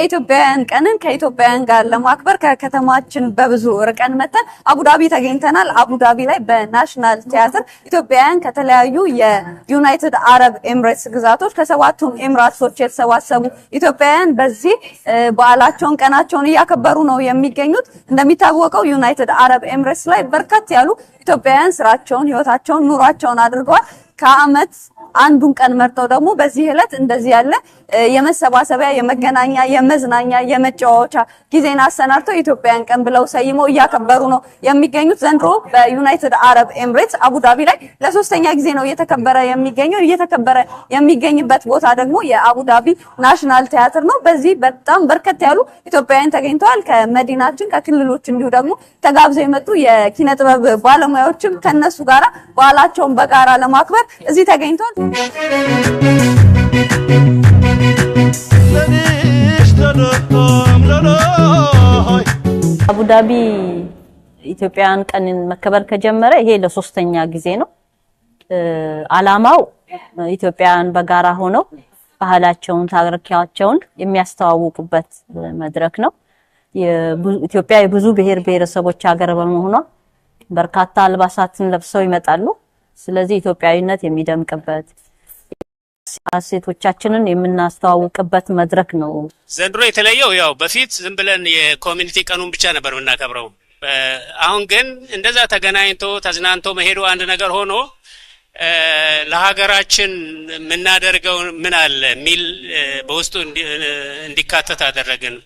የኢትዮጵያውያን ቀንን ከኢትዮጵያውያን ጋር ለማክበር ከከተማችን በብዙ ርቀን መተን አቡዳቢ ተገኝተናል። አቡዳቢ ላይ በናሽናል ቲያትር ኢትዮጵያውያን ከተለያዩ የዩናይትድ አረብ ኤምሬትስ ግዛቶች ከሰባቱም ኤምራቶች የተሰባሰቡ ኢትዮጵያውያን በዚህ በዓላቸውን ቀናቸውን እያከበሩ ነው የሚገኙት። እንደሚታወቀው ዩናይትድ አረብ ኤምሬትስ ላይ በርከት ያሉ ኢትዮጵያውያን ስራቸውን፣ ህይወታቸውን፣ ኑሯቸውን አድርገዋል። ከአመት አንዱን ቀን መርጠው ደግሞ በዚህ ዕለት እንደዚህ ያለ የመሰባሰቢያ፣ የመገናኛ፣ የመዝናኛ፣ የመጫወቻ ጊዜን አሰናድተው ኢትዮጵያን ቀን ብለው ሰይመው እያከበሩ ነው የሚገኙት። ዘንድሮ በዩናይትድ አረብ ኤምሬትስ አቡዳቢ ላይ ለሶስተኛ ጊዜ ነው እየተከበረ የሚገኘው። እየተከበረ የሚገኝበት ቦታ ደግሞ የአቡዳቢ ናሽናል ቲያትር ነው። በዚህ በጣም በርከት ያሉ ኢትዮጵያውያን ተገኝተዋል። ከመዲናችን ከክልሎች እንዲሁ ደግሞ ተጋብዘው የመጡ የኪነ ጥበብ ባለሙያዎችም ከነሱ ጋራ በዓላቸውን በጋራ ለማክበር እዚህ ተገኝቷል። አቡዳቢ ኢትዮጵያውያን ቀንን መከበር ከጀመረ ይሄ ለሶስተኛ ጊዜ ነው። አላማው ኢትዮጵያውያን በጋራ ሆነው ባህላቸውን፣ ታሪካቸውን የሚያስተዋውቁበት መድረክ ነው። ኢትዮጵያ የብዙ ብሔር ብሔረሰቦች ሀገር በመሆኗ በርካታ አልባሳትን ለብሰው ይመጣሉ። ስለዚህ ኢትዮጵያዊነት የሚደምቅበት ሴቶቻችንን የምናስተዋውቅበት መድረክ ነው። ዘንድሮ የተለየው ያው በፊት ዝም ብለን የኮሚኒቲ ቀኑን ብቻ ነበር የምናከብረው። አሁን ግን እንደዛ ተገናኝቶ ተዝናንቶ መሄዱ አንድ ነገር ሆኖ ለሀገራችን የምናደርገው ምን አለ የሚል በውስጡ እንዲካተት አደረግን።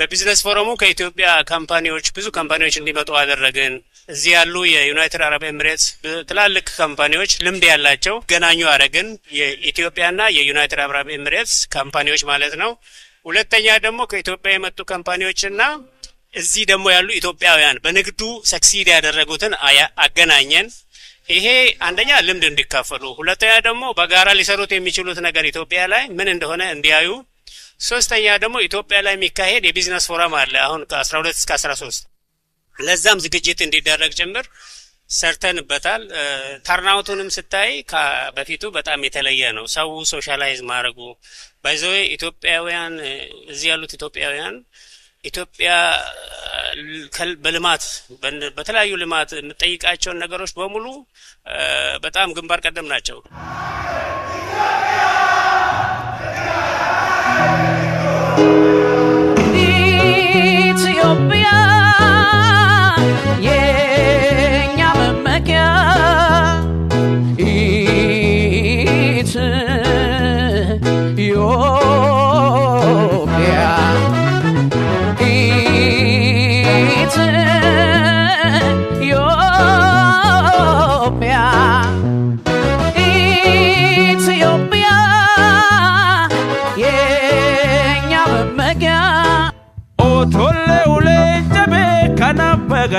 በቢዝነስ ፎረሙ ከኢትዮጵያ ካምፓኒዎች ብዙ ካምፓኒዎች እንዲመጡ አደረግን። እዚህ ያሉ የዩናይትድ አረብ ኤምሬትስ ትላልቅ ካምፓኒዎች ልምድ ያላቸው ገናኙ አረግን የኢትዮጵያና የዩናይትድ አረብ ኤምሬትስ ካምፓኒዎች ማለት ነው። ሁለተኛ ደግሞ ከኢትዮጵያ የመጡ ካምፓኒዎችና እዚህ ደግሞ ያሉ ኢትዮጵያውያን በንግዱ ሰክሲድ ያደረጉትን አገናኘን። ይሄ አንደኛ ልምድ እንዲካፈሉ፣ ሁለተኛ ደግሞ በጋራ ሊሰሩት የሚችሉት ነገር ኢትዮጵያ ላይ ምን እንደሆነ እንዲያዩ፣ ሶስተኛ ደግሞ ኢትዮጵያ ላይ የሚካሄድ የቢዝነስ ፎረም አለ አሁን ከ12 እስከ 13 ለዛም ዝግጅት እንዲደረግ ጭምር ሰርተንበታል። ተርናውቱንም ስታይ በፊቱ በጣም የተለየ ነው። ሰው ሶሻላይዝ ማድረጉ ባይዘወ ኢትዮጵያውያን እዚህ ያሉት ኢትዮጵያውያን ኢትዮጵያ በልማት በተለያዩ ልማት የምጠይቃቸውን ነገሮች በሙሉ በጣም ግንባር ቀደም ናቸው።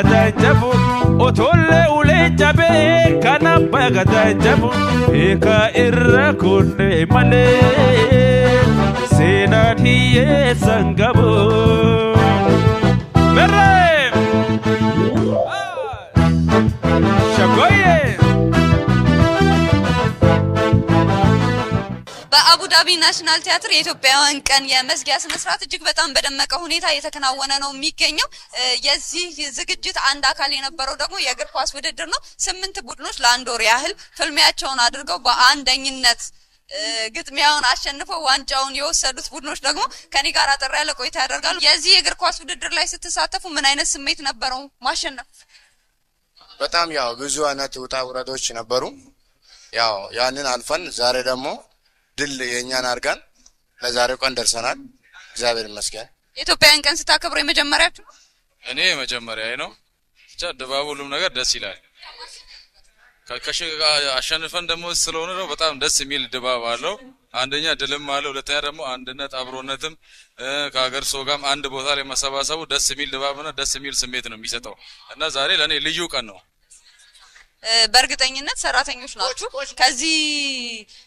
gadajabu otole ulee jabee kana abbaa gadajabu beekaa irra kunde male, seenaan hiyyeessan gabu. Merree! በአቡዳቢ ናሽናል ቲያትር የኢትዮጵያውያን ቀን የመዝጊያ ስነስርዓት እጅግ በጣም በደመቀ ሁኔታ እየተከናወነ ነው የሚገኘው። የዚህ ዝግጅት አንድ አካል የነበረው ደግሞ የእግር ኳስ ውድድር ነው። ስምንት ቡድኖች ለአንድ ወር ያህል ፍልሚያቸውን አድርገው በአንደኝነት ግጥሚያውን አሸንፈው ዋንጫውን የወሰዱት ቡድኖች ደግሞ ከኔ ጋር አጠር ያለ ቆይታ ያደርጋሉ። የዚህ የእግር ኳስ ውድድር ላይ ስትሳተፉ ምን አይነት ስሜት ነበረው? ማሸነፍ በጣም ያው ብዙ አይነት ውጣ ውረዶች ነበሩ። ያው ያንን አልፈን ዛሬ ደግሞ ድል የእኛን አድርጋን ለዛሬው ቀን ደርሰናል። እግዚአብሔር ይመስገን። የኢትዮጵያን ቀን ስታከብሩ የመጀመሪያችሁ? እኔ መጀመሪያ ነው። ብቻ ድባቡ፣ ሁሉም ነገር ደስ ይላል። አሸንፈን ደግሞ ስለሆነ ነው በጣም ደስ የሚል ድባብ አለው። አንደኛ ድልም አለ፣ ሁለተኛ ደግሞ አንድነት አብሮነትም ከሀገር ሰው ጋርም አንድ ቦታ ላይ መሰባሰቡ ደስ የሚል ድባብና ደስ የሚል ስሜት ነው የሚሰጠው እና ዛሬ ለእኔ ልዩ ቀን ነው። በእርግጠኝነት ሰራተኞች ናችሁ። ከዚህ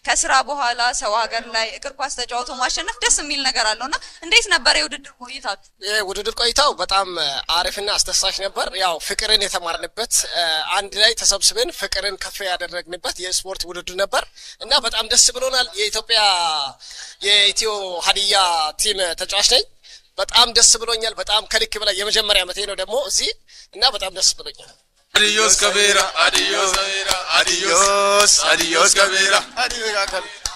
ከስራ በኋላ ሰው ሀገር ላይ እግር ኳስ ተጫውቶ ማሸነፍ ደስ የሚል ነገር አለው እና እንዴት ነበር የውድድር ቆይታ? የውድድር ቆይታው በጣም አሪፍና አስደሳች ነበር። ያው ፍቅርን የተማርንበት አንድ ላይ ተሰብስበን ፍቅርን ከፍ ያደረግንበት የስፖርት ውድድር ነበር እና በጣም ደስ ብሎናል። የኢትዮጵያ የኢትዮ ሀዲያ ቲም ተጫዋች ነኝ። በጣም ደስ ብሎኛል። በጣም ከልክ በላይ የመጀመሪያ ዓመቴ ነው ደግሞ እዚህ እና በጣም ደስ ብሎኛል። Adios, Cabera. Adios, adios, adios, Cabera.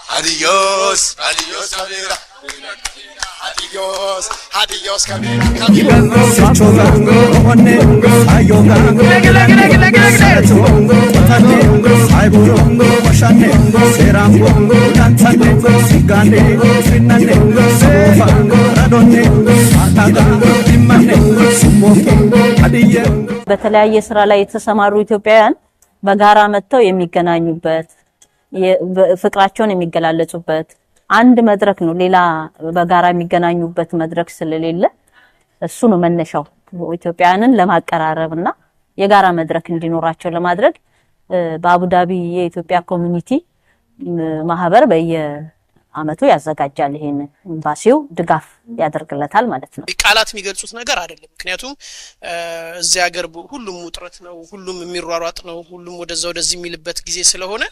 Adios, adios, Cabera. Adiós, adiós, Caminando, sachonando, onengo, sayonando, sarachongo, tatanengo, saibulongo, washanengo, serangongo, tantanengo, siganengo, sinanengo, sofango, radonengo, atagango, በተለያየ ስራ ላይ የተሰማሩ ኢትዮጵያውያን በጋራ መጥተው የሚገናኙበት ፍቅራቸውን የሚገላለጹበት አንድ መድረክ ነው። ሌላ በጋራ የሚገናኙበት መድረክ ስለሌለ እሱ ነው መነሻው። ኢትዮጵያውያንን ለማቀራረብ እና የጋራ መድረክ እንዲኖራቸው ለማድረግ በአቡዳቢ የኢትዮጵያ ኮሚኒቲ ማህበር በየ አመቱ ያዘጋጃል። ይሄን ኤምባሲው ድጋፍ ያደርግለታል ማለት ነው። ቃላት የሚገልጹት ነገር አይደለም። ምክንያቱም እዚህ ሀገር ሁሉም ውጥረት ነው፣ ሁሉም የሚሯሯጥ ነው፣ ሁሉም ወደዛ ወደዚህ የሚልበት ጊዜ ስለሆነ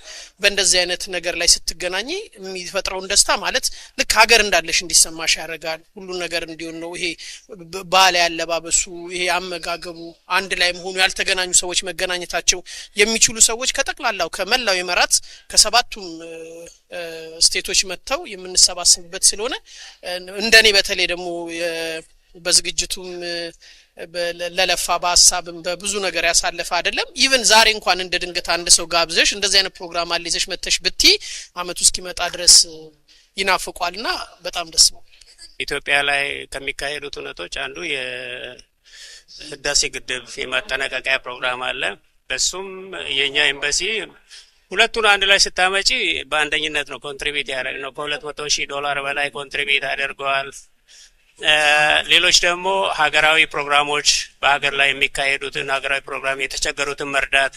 በእንደዚህ አይነት ነገር ላይ ስትገናኝ የሚፈጥረውን ደስታ ማለት ልክ ሀገር እንዳለሽ እንዲሰማሽ ያደርጋል። ሁሉ ነገር እንዲሆን ነው። ይሄ ባህል ያለባበሱ፣ ይሄ አመጋገቡ፣ አንድ ላይ መሆኑ፣ ያልተገናኙ ሰዎች መገናኘታቸው የሚችሉ ሰዎች ከጠቅላላው ከመላው የመራት ከሰባቱም ስቴቶች መጥተው ሰው የምንሰባሰብበት ስለሆነ እንደኔ በተለይ ደግሞ በዝግጅቱም ለለፋ በሀሳብም በብዙ ነገር ያሳለፈ አይደለም። ኢቨን ዛሬ እንኳን እንደ ድንገት አንድ ሰው ጋብዘሽ እንደዚህ አይነት ፕሮግራም አለይዘሽ መተሽ ብቲ አመቱ እስኪመጣ ድረስ ይናፍቋል ና በጣም ደስ ነው። ኢትዮጵያ ላይ ከሚካሄዱት እውነቶች አንዱ የህዳሴ ግድብ የማጠናቀቂያ ፕሮግራም አለ። በሱም የእኛ ኤምባሲ ሁለቱን አንድ ላይ ስታመጪ በአንደኝነት ነው ኮንትሪቢት ያደረግ ነው። ከሁለት መቶ ሺህ ዶላር በላይ ኮንትሪቢት አድርገዋል። ሌሎች ደግሞ ሀገራዊ ፕሮግራሞች በሀገር ላይ የሚካሄዱትን ሀገራዊ ፕሮግራም የተቸገሩትን መርዳት፣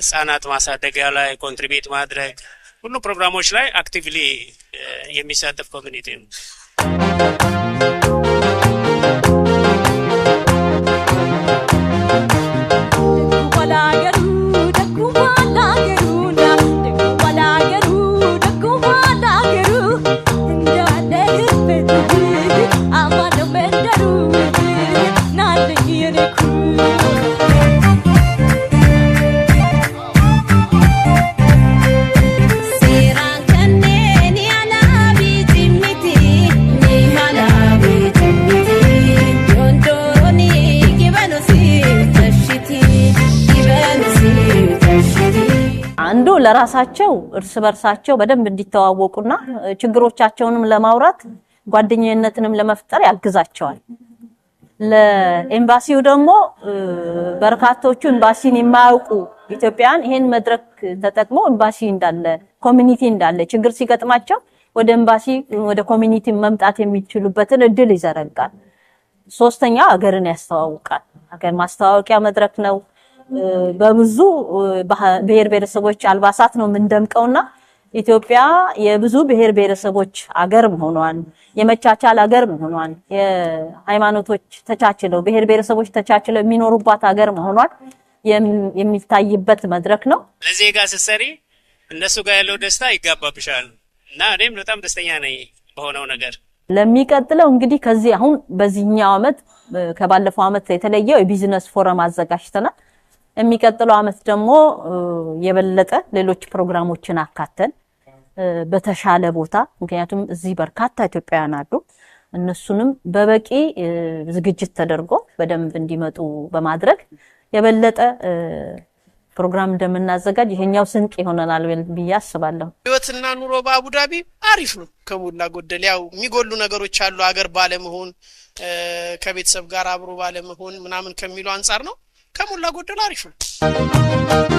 ህጻናት ማሳደጊያ ላይ ኮንትሪቢት ማድረግ፣ ሁሉ ፕሮግራሞች ላይ አክቲቭሊ የሚሳተፍ ኮሚኒቲ ነው። ለራሳቸው እርስ በርሳቸው በደንብ እንዲተዋወቁና ችግሮቻቸውንም ለማውራት ጓደኝነትንም ለመፍጠር ያግዛቸዋል። ለኤምባሲው ደግሞ በርካቶቹ ኤምባሲን የማያውቁ ኢትዮጵያውያን ይሄን መድረክ ተጠቅሞ ኤምባሲ እንዳለ ኮሚኒቲ እንዳለ ችግር ሲገጥማቸው ወደ ኤምባሲ ወደ ኮሚኒቲ መምጣት የሚችሉበትን እድል ይዘረጋል። ሶስተኛው ሀገርን ያስተዋውቃል። ሀገር ማስተዋወቂያ መድረክ ነው። በብዙ ብሔር ብሔረሰቦች አልባሳት ነው የምንደምቀውና ኢትዮጵያ የብዙ ብሔር ብሔረሰቦች አገር መሆኗን የመቻቻል አገር መሆኗን የሃይማኖቶች ተቻችለው ብሔር ብሔረሰቦች ተቻችለው የሚኖሩባት አገር መሆኗን የሚታይበት መድረክ ነው። ለዚህ ስትሰሪ እነሱ ጋር ያለው ደስታ ይጋባብሻል እና እኔም በጣም ደስተኛ ነኝ በሆነው ነገር። ለሚቀጥለው እንግዲህ ከዚህ አሁን በዚህኛው ዓመት ከባለፈው ዓመት የተለየው የቢዝነስ ፎረም አዘጋጅተናል። የሚቀጥለው አመት ደግሞ የበለጠ ሌሎች ፕሮግራሞችን አካተን በተሻለ ቦታ ምክንያቱም እዚህ በርካታ ኢትዮጵያውያን አሉ። እነሱንም በበቂ ዝግጅት ተደርጎ በደንብ እንዲመጡ በማድረግ የበለጠ ፕሮግራም እንደምናዘጋጅ ይሄኛው ስንቅ ይሆነናል ብዬ አስባለሁ። ህይወትና ኑሮ በአቡዳቢ አሪፍ ነው ከሞላ ጎደል። ያው የሚጎሉ ነገሮች አሉ፣ አገር ባለመሆን ከቤተሰብ ጋር አብሮ ባለመሆን ምናምን ከሚሉ አንጻር ነው። ከሞላ ጎደል አሪፍ ነው።